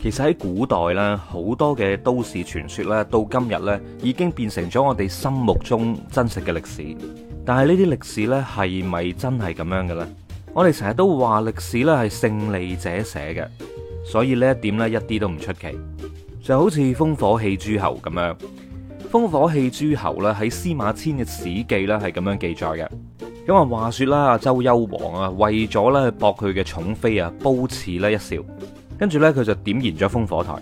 其實喺古代咧，好多嘅都市傳說咧，到今日咧已經變成咗我哋心目中真實嘅歷史。但係呢啲歷史咧係咪真係咁樣嘅咧？我哋成日都話歷史咧係勝利者寫嘅，所以呢一點咧一啲都唔出奇。就好似烽火戲諸侯咁樣，烽火戲諸侯咧喺司馬遷嘅史記咧係咁樣記載嘅。咁啊，話說啦，周幽王啊為咗咧去搏佢嘅寵妃啊褒姒呢一笑。跟住呢，佢就點燃咗烽火台，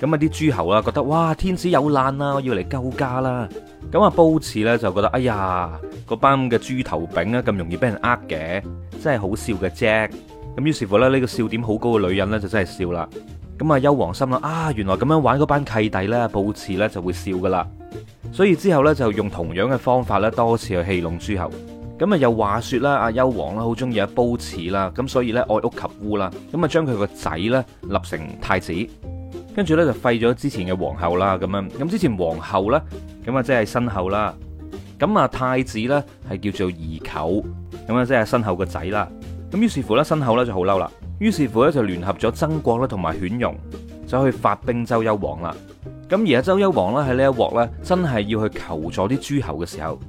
咁啊啲諸侯啦覺得哇天子有難啦，我要嚟救家啦，咁啊褒姒呢，就覺得哎呀，嗰班嘅豬頭餅咧咁容易俾人呃嘅，真係好笑嘅啫，咁於是乎咧呢個笑點好高嘅女人呢，就真係笑啦，咁啊幽王心諗啊原來咁樣玩嗰班契弟呢，褒姒呢就會笑噶啦，所以之後呢，就用同樣嘅方法呢，多次去戲弄諸侯。咁啊又話說啦，阿幽王啦好中意阿褒姒啦，咁所以呢，愛屋及烏啦，咁啊將佢個仔呢立成太子，跟住呢就廢咗之前嘅皇后啦，咁樣咁之前皇后呢，咁啊即係申後啦，咁啊太子呢，係叫做宜臼，咁啊即係申後個仔啦，咁於是乎呢，申後呢就好嬲啦，於是乎呢，就聯合咗曾國咧同埋犬戎，就去發兵周幽王啦。咁而阿周幽王呢，喺呢一鑊呢，真係要去求助啲諸侯嘅時候。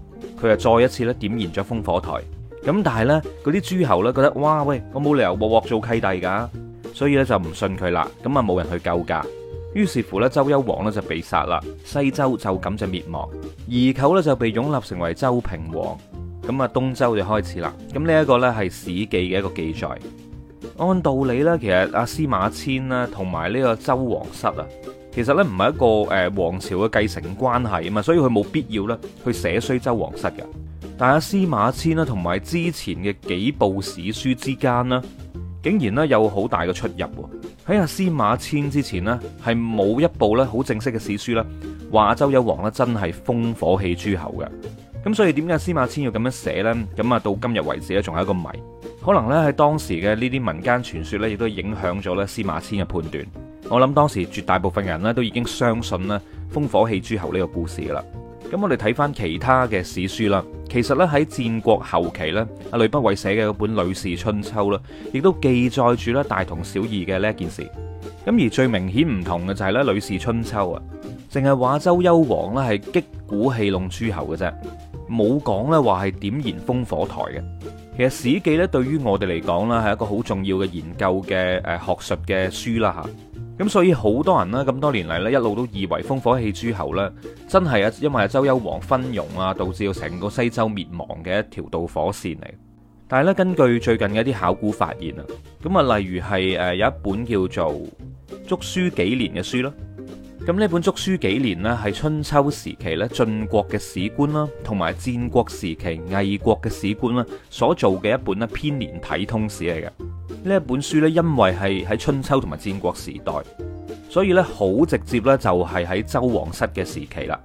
佢就再一次咧點燃咗烽火台，咁但係呢，嗰啲諸侯咧覺得哇喂，我冇理由鑊鑊做契弟㗎，所以呢，就唔信佢啦，咁啊冇人去救㗎，於是乎呢，周幽王咧就被殺啦，西周就咁就滅亡，二舅咧就被擁立成為周平王，咁啊東周就開始啦，咁呢一個呢，係《史記》嘅一個記載，按道理呢，其實阿司馬遷呢，同埋呢個周王室。啦。其實咧唔係一個誒王朝嘅繼承關係啊嘛，所以佢冇必要咧去寫衰周王室嘅。但係阿司馬遷啦，同埋之前嘅幾部史書之間啦，竟然咧有好大嘅出入喎。喺阿司馬遷之前咧，係冇一部咧好正式嘅史書啦，話周幽王咧真係烽火戲諸侯嘅。咁所以點解司馬遷要咁樣寫呢？咁啊到今日為止咧仲有一個謎。可能咧喺當時嘅呢啲民間傳說咧，亦都影響咗咧司馬遷嘅判斷。我諗當時絕大部分人呢都已經相信呢「烽火戲諸侯」呢個故事㗎啦。咁我哋睇翻其他嘅史書啦，其實咧喺戰國後期咧，阿呂不韋寫嘅嗰本《呂氏春秋》啦，亦都記載住咧大同小異嘅呢一件事。咁而最明顯唔同嘅就係、是、咧《呂氏春秋》啊，淨係話周幽王呢係擊鼓戲弄諸侯嘅啫，冇講呢話係點燃烽火台嘅。其實《史記》咧對於我哋嚟講呢，係一個好重要嘅研究嘅誒學術嘅書啦吓。咁所以好多人咧，咁多年嚟咧，一路都以為烽火戲諸侯呢，真係啊，因為周幽王昏庸啊，導致到成個西周滅亡嘅一條導火線嚟。但係呢，根據最近嘅一啲考古發現啊，咁啊，例如係誒有一本叫做《竹書紀年的書》嘅書啦。咁呢本《竹書紀年》呢，係春秋時期咧，晉國嘅史官啦，同埋戰國時期魏國嘅史官啦，所做嘅一本呢，編年體通史嚟嘅。呢一本書呢，因為係喺春秋同埋戰國時代，所以呢，好直接呢，就係喺周王室嘅時期啦。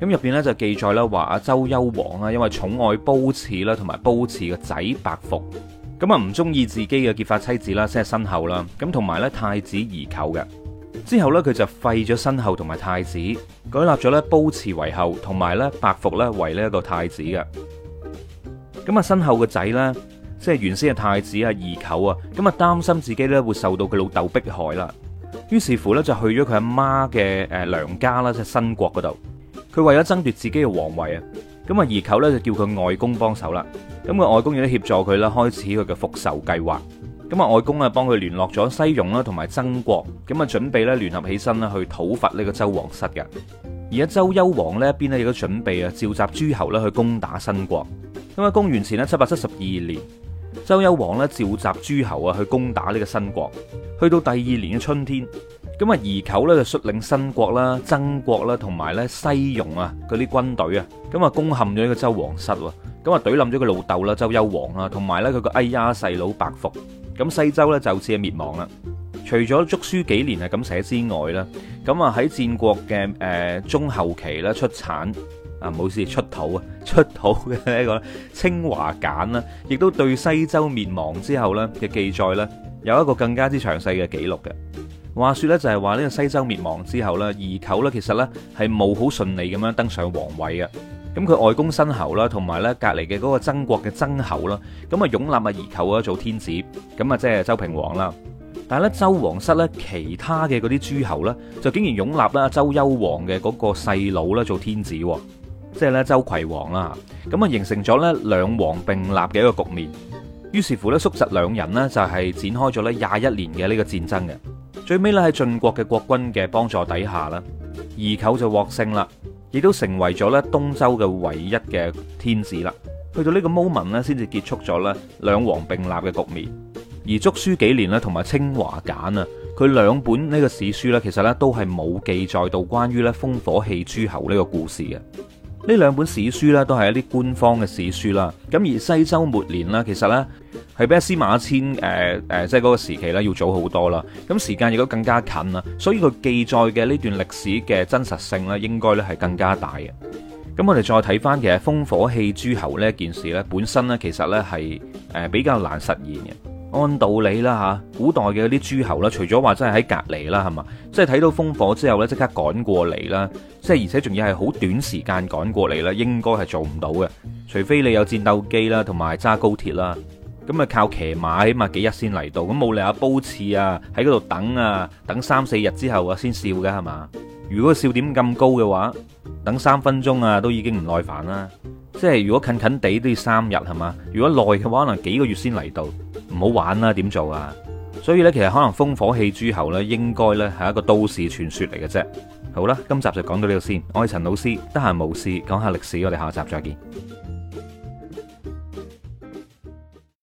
咁入邊呢，就記載咧話，阿周幽王啦，因為寵愛褒姒啦，同埋褒姒個仔伯服，咁啊唔中意自己嘅結髮妻子啦，即係身后啦，咁同埋咧太子宜臼嘅。之後呢，佢就廢咗身后同埋太子，改立咗咧褒姒為後，同埋咧伯服咧為呢一個太子嘅。咁啊，身后嘅仔呢。即係原先嘅太子啊，二舅啊，咁啊，擔心自己咧會受到佢老豆迫害啦。於是乎呢，就去咗佢阿媽嘅誒娘家啦，即係新國嗰度。佢為咗爭奪自己嘅皇位啊，咁啊，二舅呢，就叫佢外公幫手啦。咁個外公亦都協助佢啦，開始佢嘅復仇計劃。咁啊，外公啊幫佢聯絡咗西戎啦，同埋曾國，咁啊，準備咧聯合起身啦去討伐呢個周王室嘅。而家周幽王呢，一邊呢亦都準備啊召集諸侯啦去攻打新國。咁喺公元前呢，七百七十二年。周幽王咧召集諸侯啊去攻打呢個新國，去到第二年嘅春天，咁啊夷酋咧就率領新國啦、曾國啦同埋咧西戎啊嗰啲軍隊啊，咁啊攻陷咗呢個周王室，咁啊懟冧咗個老豆啦周幽王啦，同埋咧佢個哎呀細佬伯服，咁西周咧就此係滅亡啦。除咗竹書紀年係咁寫之外啦，咁啊喺戰國嘅誒中後期咧出產。啊冇事出土啊出土嘅呢個清華簡啦，亦都對西周滅亡之後咧嘅記載咧有一個更加之詳細嘅記錄嘅。話說咧就係話呢個西周滅亡之後咧，宜臼咧其實咧係冇好順利咁樣登上王位嘅。咁佢外公申侯啦，同埋咧隔籬嘅嗰個曾國嘅曾侯啦，咁啊擁立啊宜臼啊做天子，咁啊即係周平王啦。但係咧周王室咧其他嘅嗰啲諸侯咧，就竟然擁立啦周幽王嘅嗰個細佬啦做天子。即係咧，周攜王啦，咁啊形成咗咧兩王並立嘅一個局面。於是乎咧，叔侄兩人呢就係展開咗咧廿一年嘅呢個戰爭嘅。最尾咧喺晉國嘅國君嘅幫助底下啦，宜臼就獲勝啦，亦都成為咗咧東周嘅唯一嘅天子啦。去到呢個 moment 咧，先至結束咗咧兩王並立嘅局面。而《竹書紀年》咧，同埋《清華簡》啊，佢兩本呢個史書咧，其實咧都係冇記載到關於咧烽火戲諸侯呢、這個故事嘅。呢兩本史書咧都係一啲官方嘅史書啦，咁而西周末年咧，其實呢，係比司馬遷誒誒即係嗰個時期咧要早好多啦，咁時間亦都更加近啦，所以佢記載嘅呢段歷史嘅真實性呢，應該呢係更加大嘅。咁我哋再睇翻嘅其實烽火戲諸侯呢件事呢，本身呢，其實呢係誒比較難實現嘅。按道理啦，嚇古代嘅啲諸侯啦，除咗話真係喺隔籬啦，係嘛，即係睇到烽火之後呢，即刻趕過嚟啦，即係而且仲要係好短時間趕過嚟啦，應該係做唔到嘅，除非你有戰鬥機啦，同埋揸高鐵啦，咁啊靠騎馬起碼幾日先嚟到，咁冇理由褒姒啊喺嗰度等啊，等三四日之後啊先笑㗎係嘛？如果笑點咁高嘅話，等三分鐘啊都已經唔耐煩啦。即係如果近近地都要三日係嘛，如果耐嘅話可能幾個月先嚟到。唔好玩啦，點做啊？所以呢，其實可能烽火戲諸侯呢，應該呢係一個都市傳說嚟嘅啫。好啦，今集就講到呢度先。我係陳老師，得閒無事講下歷史。我哋下集再見。